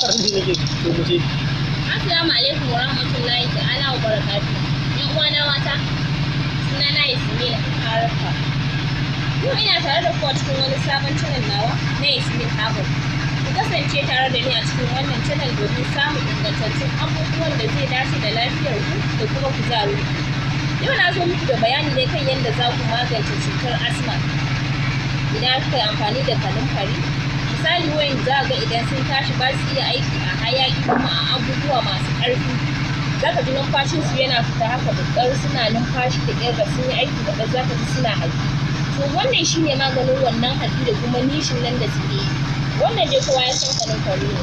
karin da nake so assalamu alaikum wa rahmatullahi ta'ala wa barakatuh yan uwa na mata suna na yasmin harafa yau ina tare da kuwa cikin wani sabon channel nawa na yasmin harafa ku kasance tare da ni a cikin wannan channel domin samun ingantattun abubuwan da zai dace da lafiyar ku da kuma kuzari. yau na zo muku da bayani ne kan yadda za ku magance cutar asma idan kai yi amfani da kanumfari misali wayan za ga idan sun tashi ba su iya aiki a hayaki kuma a abubuwa masu ƙarfi zaka ji numfashin su yana fita haka da ƙar suna numfashi da ƙyar sun yi aiki da za ka ji suna haƙi to wannan shine maganin wannan haƙi da kuma nishin nan da suke yi wannan dai kowa ya san kanin kare ne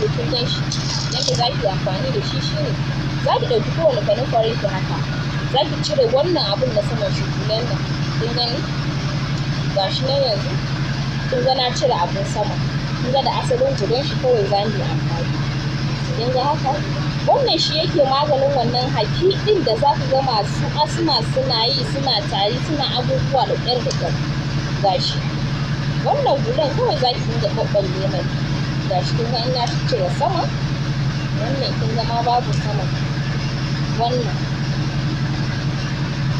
to kun gan shi yadda za ki amfani da shi shine za ki ɗauki kowane kanin kare ki haka za ki cire wannan abun na saman shugulan nan kun gani ga shi nan yanzu Kin ga na cire abin sama kin ga da asalin jirin shi kawai za mu yi amfani kin ga haka wannan shi yake maganin wannan haki ɗin da za ku ga masu asma suna yi suna tari suna abubuwa da ƙyar da ƙyar gashi wannan gudan kawai za ki dinga babban mai gashi kin ga in na cire sama wannan kin zama ma babu sama wannan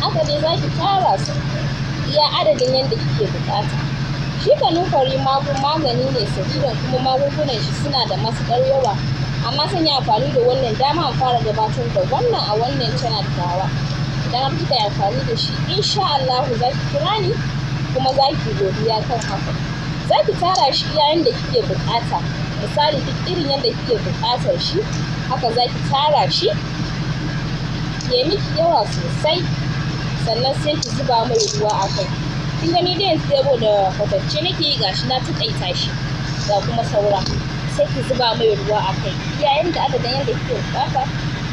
haka dai za ki tara su iya adadin yadda kike buƙata shi kanunfari magani ne sabidan kuma magungunan shi suna da masu yawa amma sun yi amfani da wannan dama fara gabatar da wannan a wannan da dawa idan har kika yi amfani da shi insha Allah za ki kira ni kuma za ki godiya kan haka za ki tara shi yayin da kike buƙata misali duk irin yadda kike buƙatar shi haka za ki tara shi yi miki yawa sosai sannan sai ki zuba mai ruwa a kai kin gani dai yanzu da kwatance nake gashi na tukaita shi ga kuma saura sai ki zuba mai ruwa a kai yayin da adadin yadda kike bukata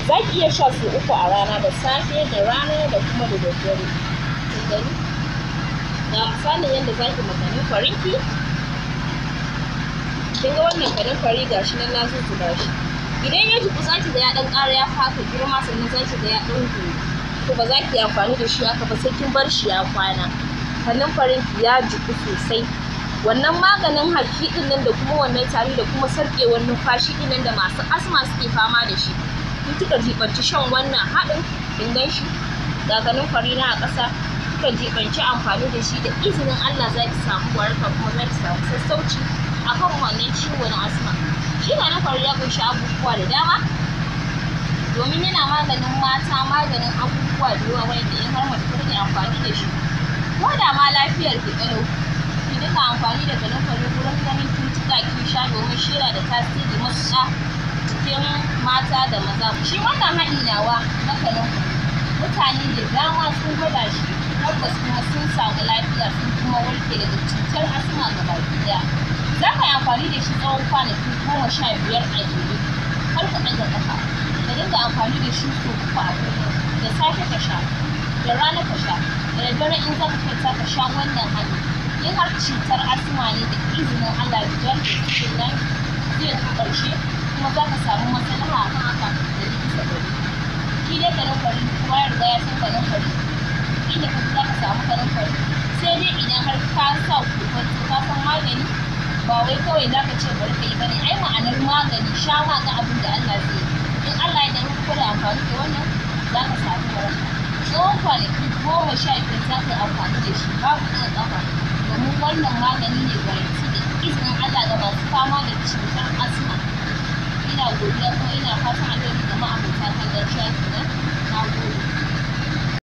za ki iya sha su uku a rana da safe da rana da kuma da daddare kin gani ga misalin yadda za ki makanin farinki kin ga wannan kanin fari gashi nan na zuzzuba shi idan ya jiku za ki ga ya dan ƙara ya haka girma sannan za ki ga ya dan Ko ba za ki yi amfani da shi haka ba sai kin bar shi ya kwana farin ya jiku sosai wannan maganin haƙiƙin ɗin nan da kuma wannan tari da kuma sarƙewar numfashi ɗin nan da masu asma suke fama da shi in kika jiɓanci shan wannan haɗin ingan shi fari na a ƙasa ka jiɓanci amfani da shi da izinin Allah za ki samu waraka kuma za ki samu sassauci a kan wannan ciwo na asma shi fari ya ƙunshi abubuwa da dama domin yana maganin mata maganin abubuwa da yawa wanda in har mace take amfani da shi ko da ma lafiyar ki ƙalau ki dinga amfani da kanumfari wurin ganin kin jiƙa sha domin shira da tasiri matuƙa cikin mata da maza shi wannan haɗi nawa na kanumfari mutane da dama sun gwada shi tabbas kuma sun samu lafiya sun kuma warke daga cutar asma gaba ɗaya za ka yi amfani da shi tsawon kwanaki goma sha biyar a jere har ka ɗaga ƙafa ka dinga amfani da shi sau uku a kullum da safe ka sha da rana ka sha da daddare in za ka kwanta ka sha wannan hannu in har cutar asma ne da izinin Allah da jan da suke nan zai zo ƙarshe kuma za ka samu maslaha a kan haka da likita gari shi dai kanin fari kuma ya riga ya san kanin fari inda ka za ka samu kanin fari sai dai idan har ka sa kokon ka san magani ba wai kawai za ka ce bari ka yi bane ai ma'anar magani sha ga abin da Allah zai yi in Allah ya da muku da amfani da wannan za ka samu waraka tsawon kwanaki goma sha biyar za ka yi amfani da shi babu ɗaga ƙafa domin wannan magani ne gwaranti da izinin Allah ga masu fama da cutar asma ina godiya kuma ina fatan alheri ga ma'abota kan gaskiya kenan na gode